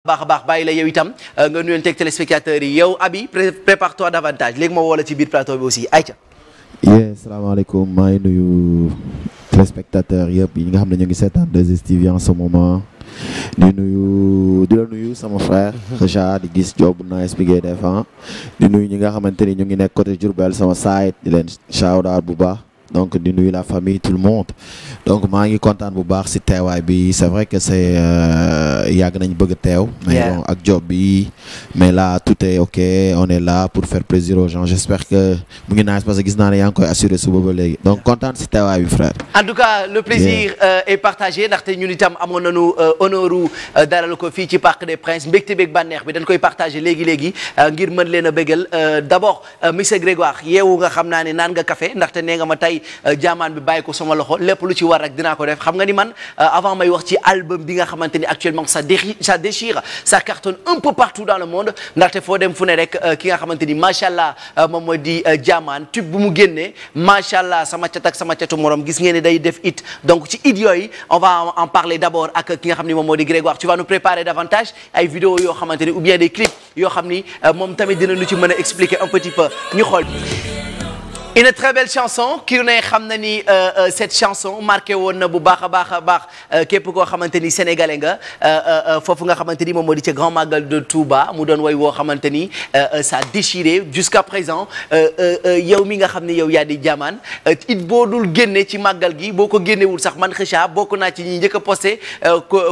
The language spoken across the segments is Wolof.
baax a baax bàyyi la yow itam euh, nga nuyoon teg téléspectateurs yi yow Abi prépare-toi davantage léegi ma woo ci biir plateau bi aussi ca yee salaamaaleykum maa ngi nuyu téléspectateurs yëpp yi nga xam ne ñoo ngi seetaan 2STV en ce moment di nuyu di la nuyu sama frère. Kheucha mhm. di gis job na expliqué des fois di nuyu ñi nga xamante ni ñu ngi nekk côté Diourbel sama site di leen shout out bu baax. donc di nuyu la famille tout le monde donc maa ngi kontaan bu baax si teewaay bi c'est vrai que c'est euh, yàgg nañ bëgg a teew may bon ak job bi mais là tout est ok on est là pour faire plaisir aux gens j'espère que mu ngi naan parce que gis naa ne yaa ngi koy assuré suba ba léegi donc kontaan si teewaay bi frère en tout cas le plaisir euh, est partagé ndaxte ñun itam amoon nañu euh, honneur u dalal ko fii ci Parc des Princes mbégte beeg banneex bi dañ koy partagé léegi-léegi ngir mën leen bégal d'abord monsieur Grégoire yeewu xam naa ne naan nga café ndaxte nee nga ma tey Euh, may bi bàyyi ko sama loxo lépp lu ci war rek dinaa ko def xam nga ni man euh, avant may wax ci album bi nga xamante ni actuellement ça déchire ça déchire ça cartonne un peu partout dans le monde ndaxte foo dem fu ne rek euh, ki nga xamante ni macha allah moom moo di jaamaan tube bu mu génnee macha allah sama cat ak sama catu morom gis ngeen ne day def it donc ci it yooyu on va en parler d'abord ak ki nga xam ni moom moo di Grégoire tu vas nous préparer davantage ay vidéos yoo xamante ni ou bien des clips yoo xam ni moom tamit dina lu ci mën a expliquer un petit peu ñu xool. une très belle chanson ki ne xam na ni euh, euh, cette chanson marqué woon na bu baax a baax a baax euh, képp koo xamante ni sénégalais nga foofu nga xamante ni moom moo di ca grand magal de Touba mu doon woy woo xamante ni ça a déchiré jusqu'à présent yow mi nga xam ni yow yaa di jamaan it boo dul génne ci màggal gi boo ko génnewul sax man xëcca bokk naa ci ñi njëkk a posté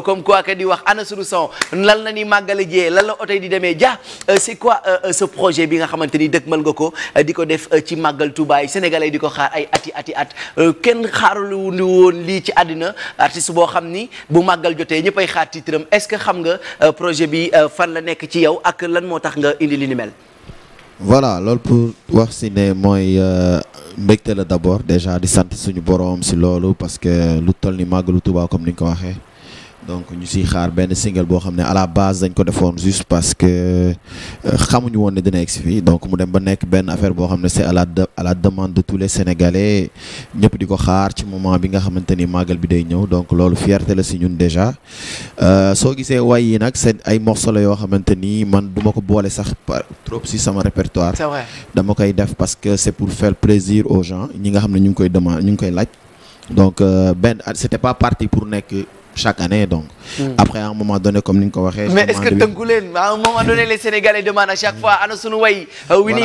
comme quoi que di wax ana sunu son lan la ni màggale jee lan la oto di demee ja c'est quoi ce projet bi nga xamante ni dëgmal nga ko di ko def ci màggal bàyyi sénégalais di ko xaar ay ati ati at euh, kenn xaaralu woon lii ci àddina artiste boo xam ni bu màggal jotee ñëppay xaar titram est-ce que xam nga euh, projet bi euh, fan la nekk ci yow ak lan moo tax nga indi li ni mel voilà loolu pour wax si ne mooy mbégte la d'abord déjà di sant suñu boroom si loolu parce que lu toll ni màggalu Tuubaa comme ni nga ko waxee donc ñu siy xaar benn single boo xam ne à la base dañ ko defoon juste parce que euh, xamuñu woon ne dina egg si fii donc mu dem ba nekk benn affaire boo xam ne c'est à la à la demande de tous les sénégalais ñëpp di ko xaar ci moment bi nga xamante ni màggal bi day ñëw donc loolu fierté la si ñun déjà euh, soo gisee way yi nag c'est ay morceaux la yoo xamante ni man duma ko boole sax trop si sama répertoire. c'est dama koy def parce que c'est pour faire plaisir aux gens ñi nga xam ne ñu ngi koy demande ñu ngi koy laaj donc euh, benn c'était pas parti pour nekk. chaque année donc. Hmm. après à un moment donné comme ni nga ko mais est-ce que tënku leen un moment donné les Sénégalais demandent chaque fois ana sunu way. wi ni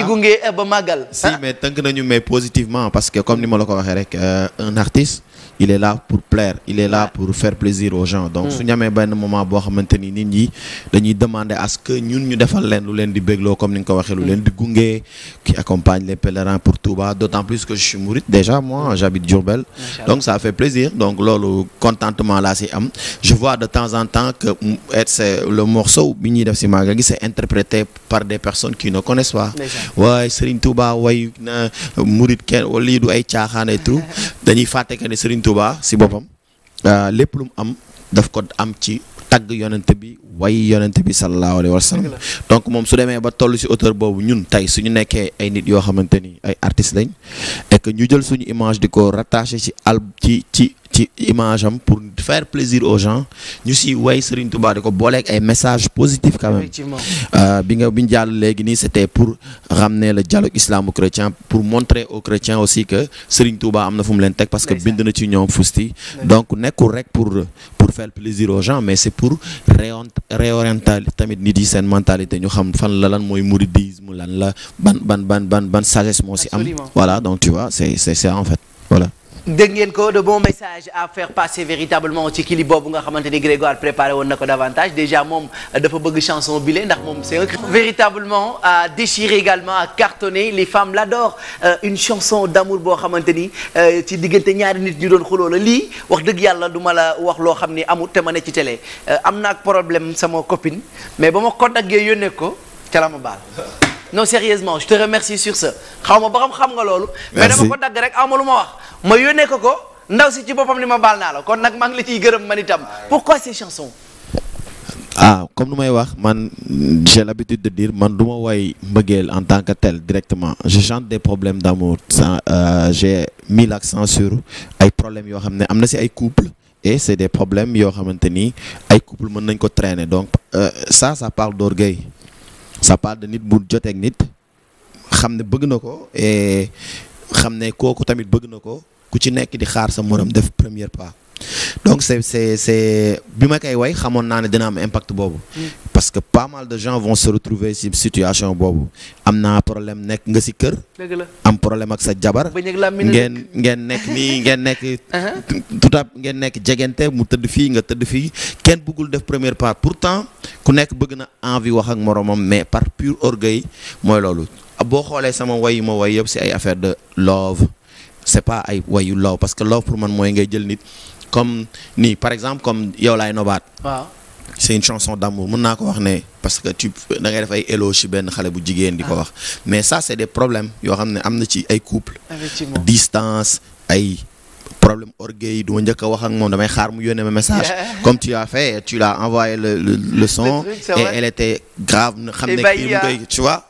ba màggal. si mais tënk nañu mais positivement parce que comme ni ma la ko rek euh, un artiste. il est là pour plaire il pour faire plaisir aux gens donc mm. su ñu amee benn moment boo xamante ni nit ñi dañuy demander à que ñun ñu defal leen lu leen di bégloo comme ni nga ko waxee lu mm. leen di gunge qui accompagne les pèlerins pour Touba d'autant plus que je suis mouride déjà moi mm. j'habite Diourbel donc ça fait plaisir donc loolu contentement la si am je vois de temps en temps que c'est le morceau bi ñuy def si Magal gi c'est interprété par des personnes qui ne connaissent pas waaye Serigne Touba way na murid kenn lii ay caaxaan et dañuy fàtte que ne Serigne Touba si boppam euh, lépp lu am daf ko am ci tagg yonent bi way yonent bi sallallahu alayhi wa sallam donc moom su demee ba toll si auteur boobu ñun tey suñu nekkee ay nit yoo xamante ni ay artistes lañ et ñu jël suñu image di ko rattaché ci al ci ci ci image am pour faire plaisir aux gens ñu si way Serigne Touba di ko booleeg ay message positifs quand euh, bi nga bi ñu jàll léegi nii c'était pour ramener le dialogue islamo-chrétien pour montrer aux chrétiens aussi que Serigne Touba am na fu leen teg parce que bind na ci ñoom fusti donc nekkul rek pour pour faire plaisir aux gens mais c'est pour réorienter tamit nit yi seen mentalité ñu xam fan la lan mooy mouridisme lan la ban ban ban ban ban sagesse moo si am voilà donc tu vois c'est c'est en fait voilà dégg ngeen ko de bons messages à faire passer véritablement ci kili boobu nga xamante ni Grégoire préparé woon na ko davantage déjà moom dafa bëgg chanson bile ndax moom c'est véritablement à déchirer également à cartonner les femmes l'adorent euh, une chanson d'amour boo xamante ni euh, ci diggante ñaari nit ñu doon xuloo la lii wax dëgg yàlla du ma la wax loo xam ni amul te ma ne ci télé euh, am naa problème sama copine mais ba ma contacté yónnee ko ca la ma baal. non sérieusement je te remercie sur ce ma ba xam xam nga loolu. mais dama ma yónnee nekk ko ndaw si ci boppam li ma baal naa la kon nag maa ngi la ciy gërëm man itam pourquoi ces chansons. ah comme nu may wax man j'ai l'habitude de dire man du ma woy mbëggeel en tant que tell directement je chante des problèmes d'amour sans euh, j'ai mis l'accent sur ay problèmes yoo xam ne am na si ay couple et c'est des problèmes yoo xamante ni ay couple mën nañ ko trainer donc euh, ça ça parle d'orgueil ça parle de nit bu joteeg nit xam ne bëgg na ko et xam ne kooku tamit bëgg na ko ku ci nekk di xaar sa morom def premier pas donc c'est c'est bi ma kay way xamoon naa ne dina am impact boobu parce que pas mal de gens vont se retrouver si situation boobu am naa problème nekk nga si kër am problème ak sa jabar ngeen ngeen nekk nii ngeen nekk uh-huh. tout à nekk jegente mu tëdd fii nga tëdd fii kenn bëggul def première part pourtant ku nekk bëgg na envie wax ak moromam mais par pur orgueil mooy loolu boo xoolee sama way yi ma way yëpp si ay affaire c'est pas ay wayu love parce que love pour man mooy ngay jël nit comme nii par exemple comme yow laay nobaat. waaw c'est une chanson d'amour mën naa ko wax ne parce que tu da ngay def ay éloge benn xale bu jigéen di ko ah. wax mais ça c'est des problèmes yoo xam ne am na ci ay couple distance ay problème orgueil duma njëkk a wax ak moom damay xaar mu yónnee ma message comme tu a fait tu l'as envoyé le le, son et elle était grave a xam ne kii mu ah. ah.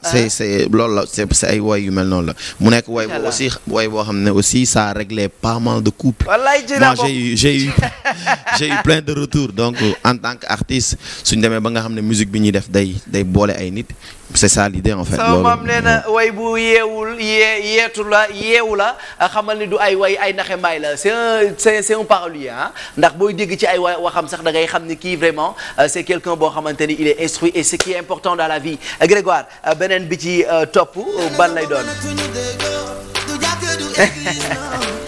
la c'est c'est ay yu mel noonu la mu nekk woy boo aussi boo xam ne aussi ça réglait pas mal de couples moi j'ai eu j'ai eu j'ai de retours donc en tant qu'artiste suñ demee ba nga xam ne musique bi ñuy def day day boole ay nit c'est ça l'idée en fait sama maam nee na way bu yeewul yee yeetu la yeewu ah, xamal ni du ay way ay naxe mbaay la c'est un c'est c'est un ndax booy dégg ci ay waxam sax da ngay xam ni kii vraiment c'est quelqu'un boo xamante ni il est instruit qui est important dans la vie euh, Grégoire euh, beneen bi ci euh, topp ban lay doon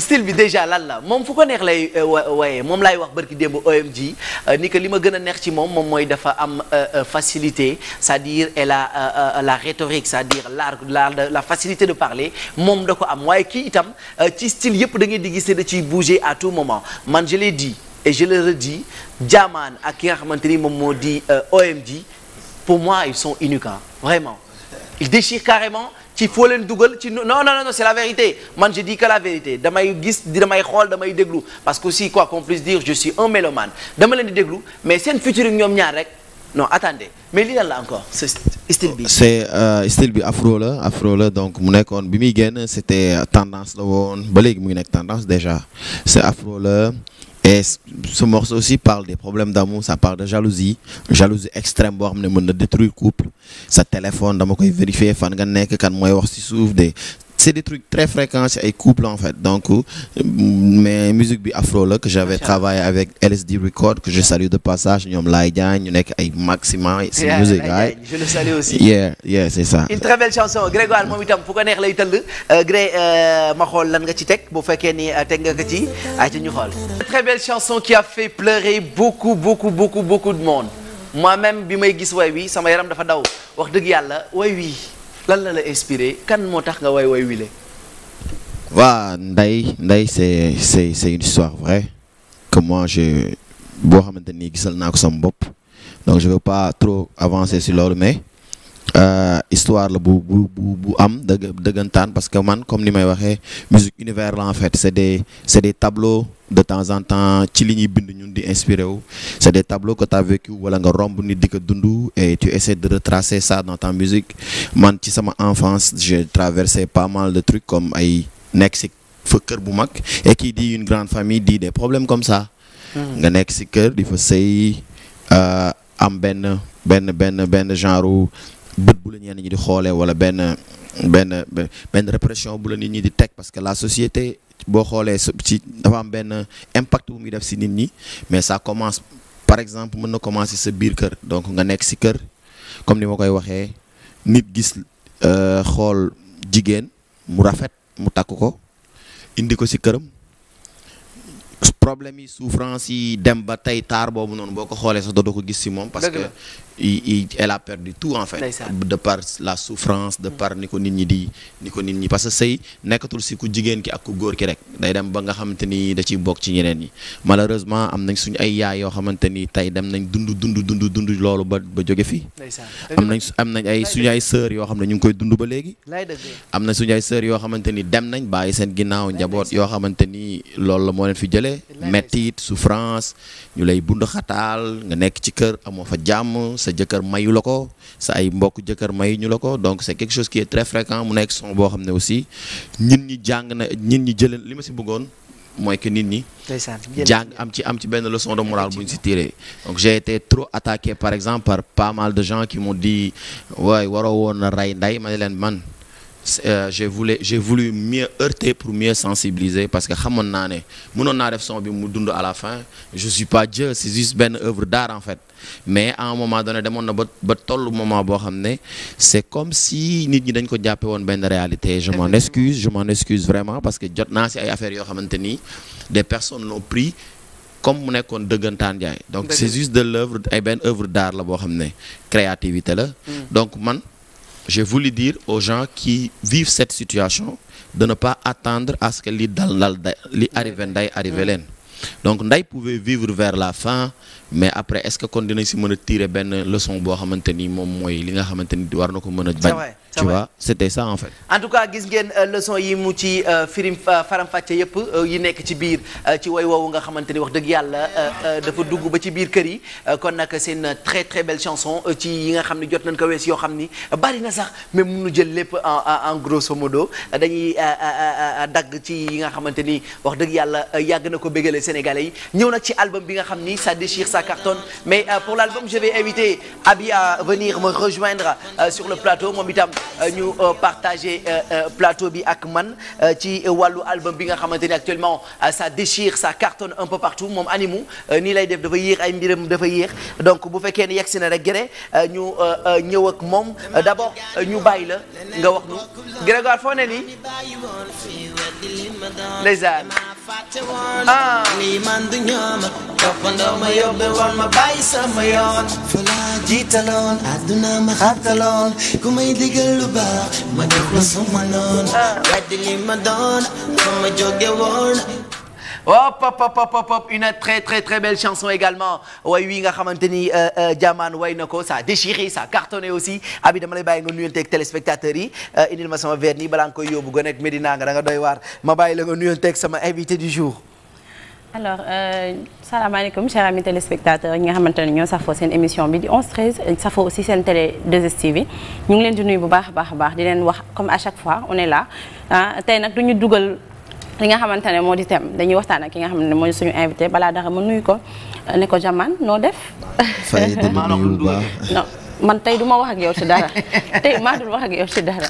style bi bi déjà lan la moom fu ko neex lay euh, waaye moom laay wax barki démb OMG euh, ni que li ma gën a neex ci moom moom mooy dafa am euh, facilité c'est-à-dire et la la rhétorique c'est-à-dire l'art la la facilité de parler moom da ko am waaye kii itam ci style yëpp da ngay di gis da ciy bouger à tout moment man je di dit et je le jaamaan ak ki nga xamante ni moom moo di OMG pour moi ils sont uniques vraiment ils déchirent carrément ci foo leen dugal ci no non non c'est la vérité man je dis que la vérité damay gis damay xool damay déglu parce que aussi quoi qu'on puisse dire je suis un mélomane dama leen di déglu mais seen featuring ñoom ñaar rek non attendez mais lii lan encore ce style bi. c'est euh, style bi afro la afro la donc mu nekkoon bi muy génn c'était euh, tendance la woon ba léegi mu nekk tendance déjà c'est afro la. et ce morceau aussi parle des problèmes d'amour ça parle de jalousie jalousie extrême boo xam ne mën na détruire couple sa téléphone dama koy vérifier fan nga nekk kan mooy wax ci suuf de c'est des trucs très fréquents chez les couples en fait donc euh, mais musique bi afro là que j'avais travaillé avec LSD Record que je salue de passage ñoom Laye Diagne ñu nekk ay maximum si musique ay je le salue aussi yeah yeah c'est ça une très belle chanson Grégoire moom itam fu ko neex lay tëll euh, Gré euh, ma xool lan nga ci teg bu fekkee ni teg nga ko ci ay ci ñu xool très belle chanson qui a fait pleurer beaucoup beaucoup beaucoup beaucoup de monde moi gis way wi sama yaram dafa daw wax yàlla lan la la inspiré kan moo tax nga way way wile. waa nday nday c'est c'est c'est une histoire vraie que moi je boo xamante ni gisal naa ko sama bopp donc je veux pas trop avancer sur loolu mais. Euh, histoire la bu bu bu am dëgg dëggantaan parce que man comme ni may waxee musique univers la en fait c'est des c'est des tableaux de temps en temps ci li ñuy bind ñun di inspiré wu c'est de tableaux que t'as vécu wala nga romb nit di ko dund et tu essaies de retracer ça dans ta musique man ci sama enfance j'ai traversé pas mal de trucs comme ay nekk si fa kër bu mag et di dit une grande famille dit des problème comme ça hmm. nga nekk si kër di fa sëy euh, am benn benn benn benn genre bët bu la ñenn ñi di xoolee wala benn benn benn répression bu la nit ñi di teg parce que la société boo xoolee ci dafa am benn impact bu muy def si nit ñi mais sa commence par exemple mën na commencer sa biir kër donc nga nekk si kër comme ni ma koy waxee nit gis euh, xool jigéen mu rafet mu takk ko indi ko si këram. problème yi souffrance yi dem ba tey taar boobu noonu boo ko xoolee sax dootoo ko gis si moom. parce que il a perdu tout en fait. de par la souffrance de par ni ko nit ñi di ni ko nit ñi parce que sëy nekkatul si ku jigéen ki ak ku góor ki rek day dem ba nga xamante da ciy bokk ci ñeneen ñi malheureusement am nañ suñu ay yaay yoo xamante tey dem nañ dund dund loolu ba ba jóge am nañ am nañ ay suñu yoo xam dem nañ bàyyi seen ginnaaw njaboot yoo mettit souffrance ñu lay bund xataal nga nekk ci kër amoo fa jàmm sa jëkkër mayu la ko sa ay mbokk jëkkër mayu ñu la ko donc c'est quelque chose qui est très fréquent mu nekk son boo xam ne aussi ñun ñi jàng na ñun ñi jëlee li ma si bëggoon mooy que nit ñi jàng am ci am ci benn leçon de morale bu ñu si tiré donc j'ai été trop attaqué par exemple par pas mal de gens qui m'ont dit waay waroo woon a rey nday ma ne leen man Euh, j'ai voulu j'ai voulu mieux heurter pour parce que xamoon naa ne mënoon naa def son bi mu dund à la fin je suis pas juste benn œuvre d'art en fait mais à un moment donné demoon na ba ba tollu moment boo xam ne c'est comme si nit ñi dañ ko jàppe woon benn réalité je m'en excuse je m'en excuse vraiment parce que jot naa ci ay affaires yoo xamante ni des personnes l'ont pris comme mu nekkoon dëggantaan jaay donc c'est juste de l'œuvre ay benn œuvre daar la boo xam ne créativité la mm. donc man je voulu dire aux gens qui vivent cette situation de ne pas attendre à ce que li dal dal li arrivé nday arrivé leen donc nday pouvait vivre vers la fin mais après est-ce que kon dinañ si mën a tirer benn leçon boo xamante ni moom mooy li nga xamante ni war na ko mën a bañ tu vois c'était ça en fait. en tout cas gis ngeen euh, leçon yi mu ci euh, firim faram-fàcce yëpp euh, yi nekk ci biir ci woy woowu nga xamante ni wax dëgg yàlla dafa dugg ba ci biir kër yi kon nag c'est une très très belle chanson ci yi nga xam ne jot nañ ko wees yoo xam ni bari na sax mais mënu jël lépp en en grosso modo dañuy dagg ci yi nga xamante ni wax dëgg yàlla yàgg na ko bégale Sénégalais yi ñëw nag ci album bi nga xam ni sa déchire ça cartonne mais pour l'album je vais inviter Euh, ñu euh, partagé euh, plateau bi ak man ci wàllu album bi nga xamante ni actuellement ça déchire ça cartonne un peu partout moom animu nii lay def dafa yéex ay mbiram dafa yéex donc bu fekkee ne yegg si na rek gërë ñu ñëw ak moom d'abord ñu bàyyi la nga wax nu Grégoire foo ne nii ah lii man du ñoom toppandoo ma yóbbe ma bàyyi sama yoon fa laa jiitaloon àdduna ma xaataloon ku may digal lu ma def la suma noon ah. weddi li ma doon fa ma jóge hop hop hop hop une très très belle chanson également way wi nga xamante ni euh, euh, Diamane way na ko sa a a cartonné aussi abi dama lay bàyyi nga nuyonteeg téléspectateurs yi euh, indil ma sama verre nii balaa nga koy yóbbu go nekk Medina nga da doy waar ma bàyyi la nga nuyonteeg sama invité du jour. alors salaamaaleykum chers amis téléspectateurs yi nga xamante ñoo safoo seen émission bi di 11 13 aussi seen télé 2 ñu ngi leen di nuyu bu baax a baax a baax di leen wax comme à chaque li nga xamante ne moo di thème dañuy waxtaan ak ki nga xam ne mooy suñu invité balaa dara ma nuyu ko ne ko jaman noo def. man tey du ma wax ak yow ci dara tey maa dul wax ak yow ci dara.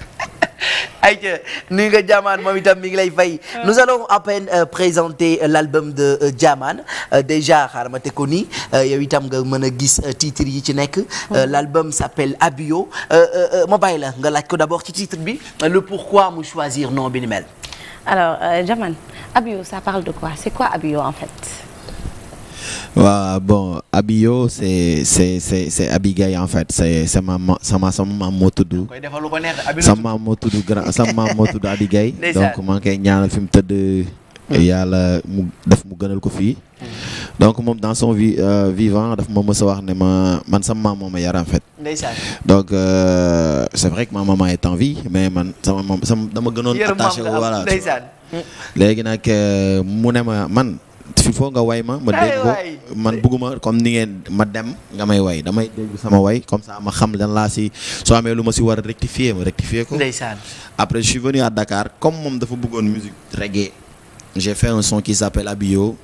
Aïcha nuyu nga Jaman moom itam mi ngi lay fay nous allons à peine euh, présenter euh, l'album de euh, Jaman déjà xaaral ma teg ko nii yow itam nga mën a gis titre yi ci nekk l'album s'appelle Abio ma bàyyi la nga laaj ko d'abord ci titre bi le pourquoi mu choisir nom bi ni mel alors euh, Jaman euh, Abio ça parle de quoi c'est quoi Abio en fait. waaw ouais, bon Abio c'est c'est Abigay en fait c'est c'est ma sama sama maam moo tudd. sama maam moo tudd grand sama maam moo tudd Abigay. donc maa ngi koy ñaanal fi mu tëdd. Hmm. yàlla mu def mu gënal ko fii. Hmm. donc moom dans son vie euh, vivant daf ma mës a wax ne ma man sama maam moo ma yar en fait. ndeysaan donc euh, c'est vrai que ma maman est en mais man sama maam sama dama gënoon attaché voilà ndeysaan léegi nag euh, mu ne ma man fil foo nga way ma ma dégg ko man bugguma comme ni ngeen ma dem nga may way damay dégg sama way comme ça ma xam lan laa si soo amee lu ma si war a rectifier ma rectifier ko ndeysaan après je suis à Dakar comme moom dafa buggoon musique reggae j'ai fait un son qui s'appelle Abio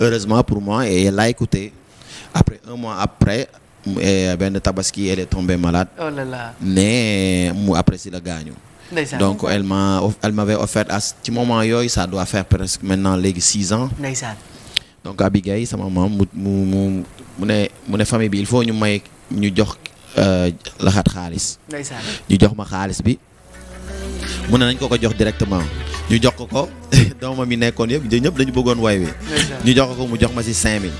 Heureusement pour moi, et elle l'a écouté. Après, un mois après, eh, benn tabaski elle est tombée malade. oh là là mais mu après si la gaañu. donc elle m'a elle offert à ci moment yooyu ça doit faire presque maintenant léegi six ans. ndeysaan. donc Abigay sama maam mu mu mu mu ne mu ne famille bi il faut ñu may ñu jox euh, laxaat xaalis. ndeysaan ñu jox ma xaalis bi mu ne nañ ko ko jox directement. ñu jox ko ko doomam yi ko mu jox ma si 5000.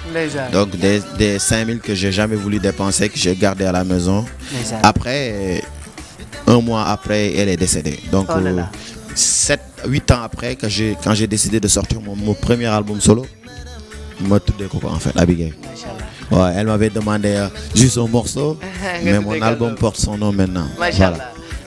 donc des des 5000 que j'ai jamais voulu dépenser que j'ai gardé à la maison. après un mois après elle est décédée. donc oh là là. 7 euh, 8 ans après que j'ai quand j'ai décidé de sortir mon, mon premier album solo ma tuddee ko ko en fait elle m'avait demandé euh, juste un morceau. mais mon album porte son nom maintenant. voilà.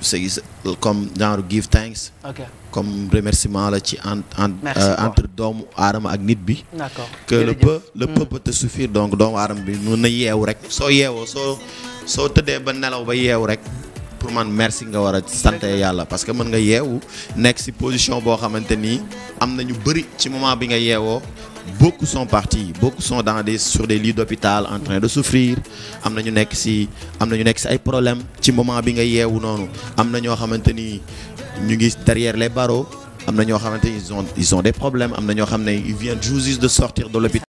c'est comme genre give thanks. Okay. comme remerciement la ci en euh, entre doomu aadama ak nit bi. que le peu le mm. peu te suffire donc doomu aadama bi mun na yeewu rek soo yeewoo soo soo tëddee ba nelaw ba yeewu rek. pour man merci nga war a sant yàlla parce que mën nga yeewu nekk ci position boo xamante ni am na ñu bëri ci moment bi nga yeewoo beaucoup son partis beaucoup son dans des sur des lits d'hôpital en train de souffrir am na ñu nekk ci am na ñu nekk ci ay problème ci moment bi nga yeewu noonu am na ñoo xamante ni ñu ngi derrière les barreaux am na ñoo xamante ni ils ont ils ont des problèmes am na ñoo xam ne ils viennent juste de sortir de l'hôpital